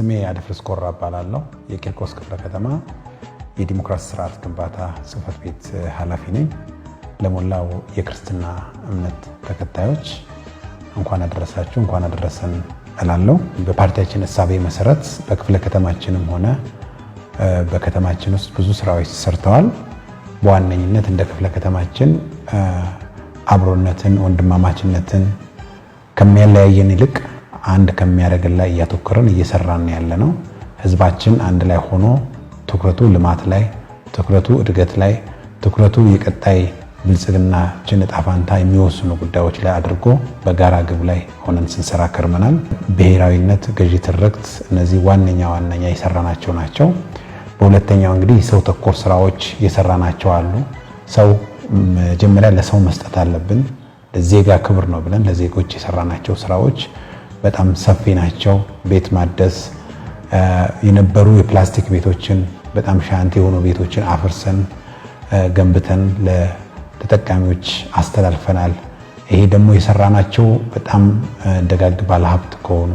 ስሜ አደፍርስ ኮራ እባላለሁ። የቂርቆስ ክፍለ ከተማ የዲሞክራሲ ስርዓት ግንባታ ጽህፈት ቤት ኃላፊ ነኝ። ለሞላው የክርስትና እምነት ተከታዮች እንኳን አደረሳችሁ እንኳን አደረሰን እላለሁ። በፓርቲያችን እሳቤ መሰረት በክፍለ ከተማችንም ሆነ በከተማችን ውስጥ ብዙ ስራዎች ሰርተዋል። በዋነኝነት እንደ ክፍለ ከተማችን አብሮነትን፣ ወንድማማችነትን ከሚያለያየን ይልቅ አንድ ከሚያደርግን ላይ እያተኮርን እየሰራን ያለ ነው። ህዝባችን አንድ ላይ ሆኖ ትኩረቱ ልማት ላይ፣ ትኩረቱ እድገት ላይ፣ ትኩረቱ የቀጣይ ብልጽግናችን ዕጣ ፋንታ የሚወስኑ ጉዳዮች ላይ አድርጎ በጋራ ግብ ላይ ሆነን ስንሰራ ከርመናል። ብሔራዊነት፣ ገዢ ትርክት፣ እነዚህ ዋነኛ ዋነኛ የሰራናቸው ናቸው። በሁለተኛው እንግዲህ ሰው ተኮር ስራዎች የሰራናቸው አሉ። ሰው መጀመሪያ ለሰው መስጠት አለብን። ለዜጋ ክብር ነው ብለን ለዜጎች የሰራናቸው ስራዎች በጣም ሰፊ ናቸው። ቤት ማደስ የነበሩ የፕላስቲክ ቤቶችን በጣም ሻንቲ የሆኑ ቤቶችን አፍርሰን ገንብተን ለተጠቃሚዎች አስተላልፈናል። ይሄ ደግሞ የሰራናቸው በጣም ደጋግ ባለሀብት ከሆኑ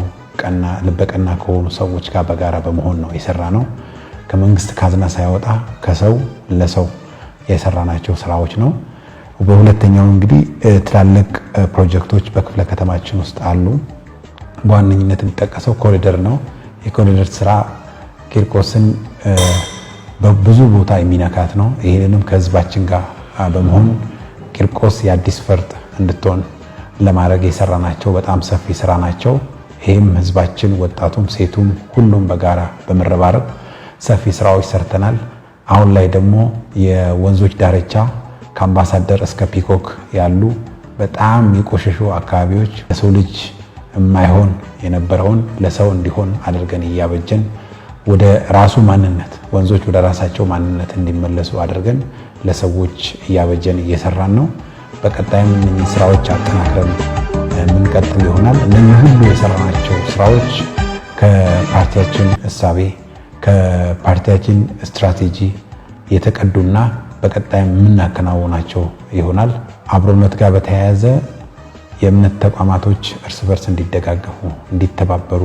ልበቀና ከሆኑ ሰዎች ጋር በጋራ በመሆን ነው የሰራ ነው። ከመንግስት ካዝና ሳይወጣ ከሰው ለሰው የሰራናቸው ስራዎች ነው። በሁለተኛው እንግዲህ ትላልቅ ፕሮጀክቶች በክፍለ ከተማችን ውስጥ አሉ። በዋነኝነት የሚጠቀሰው ኮሪደር ነው። የኮሪደር ስራ ቂርቆስን በብዙ ቦታ የሚነካት ነው። ይህንንም ከህዝባችን ጋር በመሆን ቂርቆስ የአዲስ ፈርጥ እንድትሆን ለማድረግ የሰራ ናቸው። በጣም ሰፊ ስራ ናቸው። ይህም ህዝባችን ወጣቱም፣ ሴቱም ሁሉም በጋራ በመረባረብ ሰፊ ስራዎች ሰርተናል። አሁን ላይ ደግሞ የወንዞች ዳርቻ ከአምባሳደር እስከ ፒኮክ ያሉ በጣም የቆሸሹ አካባቢዎች ለሰው ልጅ የማይሆን የነበረውን ለሰው እንዲሆን አድርገን እያበጀን ወደ ራሱ ማንነት ወንዞች ወደ ራሳቸው ማንነት እንዲመለሱ አድርገን ለሰዎች እያበጀን እየሰራን ነው። በቀጣይም እነኝህ ስራዎች አጠናክረን የምንቀጥል ይሆናል። እነ ሁሉ የሰራናቸው ስራዎች ከፓርቲያችን እሳቤ ከፓርቲያችን ስትራቴጂ የተቀዱና በቀጣይም የምናከናውናቸው ይሆናል። አብሮነት ጋር በተያያዘ የእምነት ተቋማቶች እርስ በርስ እንዲደጋገፉ፣ እንዲተባበሩ፣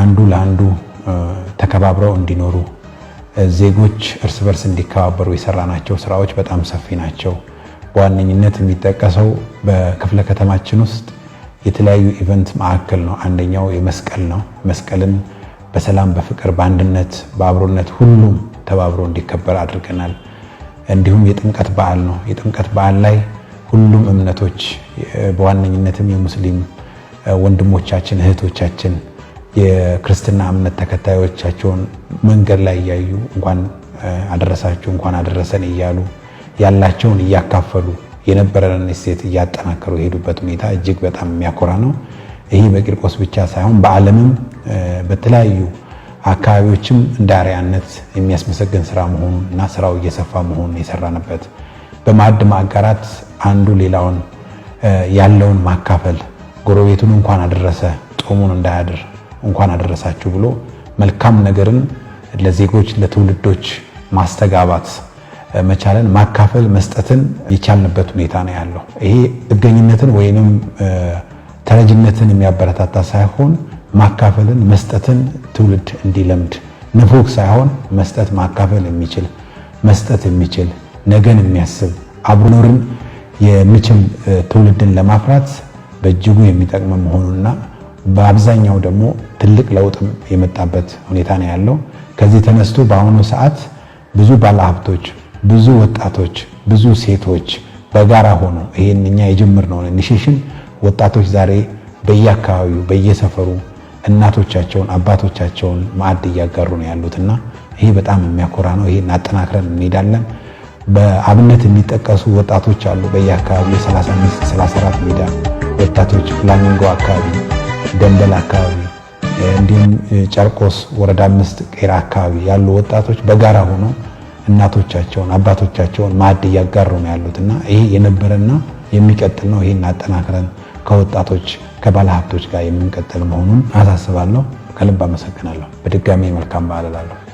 አንዱ ለአንዱ ተከባብረው እንዲኖሩ፣ ዜጎች እርስ በርስ እንዲከባበሩ የሰራናቸው ስራዎች በጣም ሰፊ ናቸው። በዋነኝነት የሚጠቀሰው በክፍለ ከተማችን ውስጥ የተለያዩ ኢቨንት ማዕከል ነው። አንደኛው የመስቀል ነው። መስቀልን በሰላም በፍቅር በአንድነት በአብሮነት ሁሉም ተባብሮ እንዲከበር አድርገናል። እንዲሁም የጥምቀት በዓል ነው። የጥምቀት በዓል ላይ ሁሉም እምነቶች በዋነኝነትም የሙስሊም ወንድሞቻችን እህቶቻችን የክርስትና እምነት ተከታዮቻቸውን መንገድ ላይ እያዩ እንኳን አደረሳችሁ እንኳን አደረሰን እያሉ ያላቸውን እያካፈሉ የነበረን እሴት እያጠናከሩ የሄዱበት ሁኔታ እጅግ በጣም የሚያኮራ ነው። ይህ በቂርቆስ ብቻ ሳይሆን በዓለምም በተለያዩ አካባቢዎችም እንደ አርአያነት የሚያስመሰግን ስራ መሆኑን እና ስራው እየሰፋ መሆኑን የሰራንበት በማዕድ ማጋራት አንዱ ሌላውን ያለውን ማካፈል ጎረቤቱን እንኳን አደረሰ ጦሙን እንዳያድር እንኳን አደረሳችሁ ብሎ መልካም ነገርን ለዜጎች ለትውልዶች ማስተጋባት መቻለን ማካፈል መስጠትን የቻልንበት ሁኔታ ነው ያለው። ይሄ ጥገኝነትን ወይንም ተረጅነትን የሚያበረታታ ሳይሆን ማካፈልን መስጠትን ትውልድ እንዲለምድ ንፉግ ሳይሆን መስጠት ማካፈል የሚችል መስጠት የሚችል ነገን የሚያስብ አብሮኖርን የሚችል ትውልድን ለማፍራት በእጅጉ የሚጠቅም መሆኑና በአብዛኛው ደግሞ ትልቅ ለውጥም የመጣበት ሁኔታ ነው ያለው። ከዚህ ተነስቶ በአሁኑ ሰዓት ብዙ ባለሀብቶች፣ ብዙ ወጣቶች፣ ብዙ ሴቶች በጋራ ሆኖ ይህን እኛ የጀምር ነው ኢኒሼሽን ወጣቶች ዛሬ በየአካባቢው በየሰፈሩ እናቶቻቸውን አባቶቻቸውን ማዕድ እያጋሩ ነው ያሉትና ይሄ በጣም የሚያኮራ ነው። ይሄን አጠናክረን እንሄዳለን። በአብነት የሚጠቀሱ ወጣቶች አሉ። በየአካባቢ 35 34 ሜዳ ወጣቶች ፍላሚንጎ አካባቢ፣ ደንበል አካባቢ እንዲሁም ጨርቆስ ወረዳ አምስት ቄራ አካባቢ ያሉ ወጣቶች በጋራ ሆነው እናቶቻቸውን አባቶቻቸውን ማዕድ እያጋሩ ነው ያሉት እና ይሄ የነበረና የሚቀጥል ነው። ይሄን አጠናክረን ከወጣቶች ከባለሀብቶች ጋር የምንቀጥል መሆኑን አሳስባለሁ። ከልብ አመሰግናለሁ። በድጋሚ መልካም በዓል እላለሁ።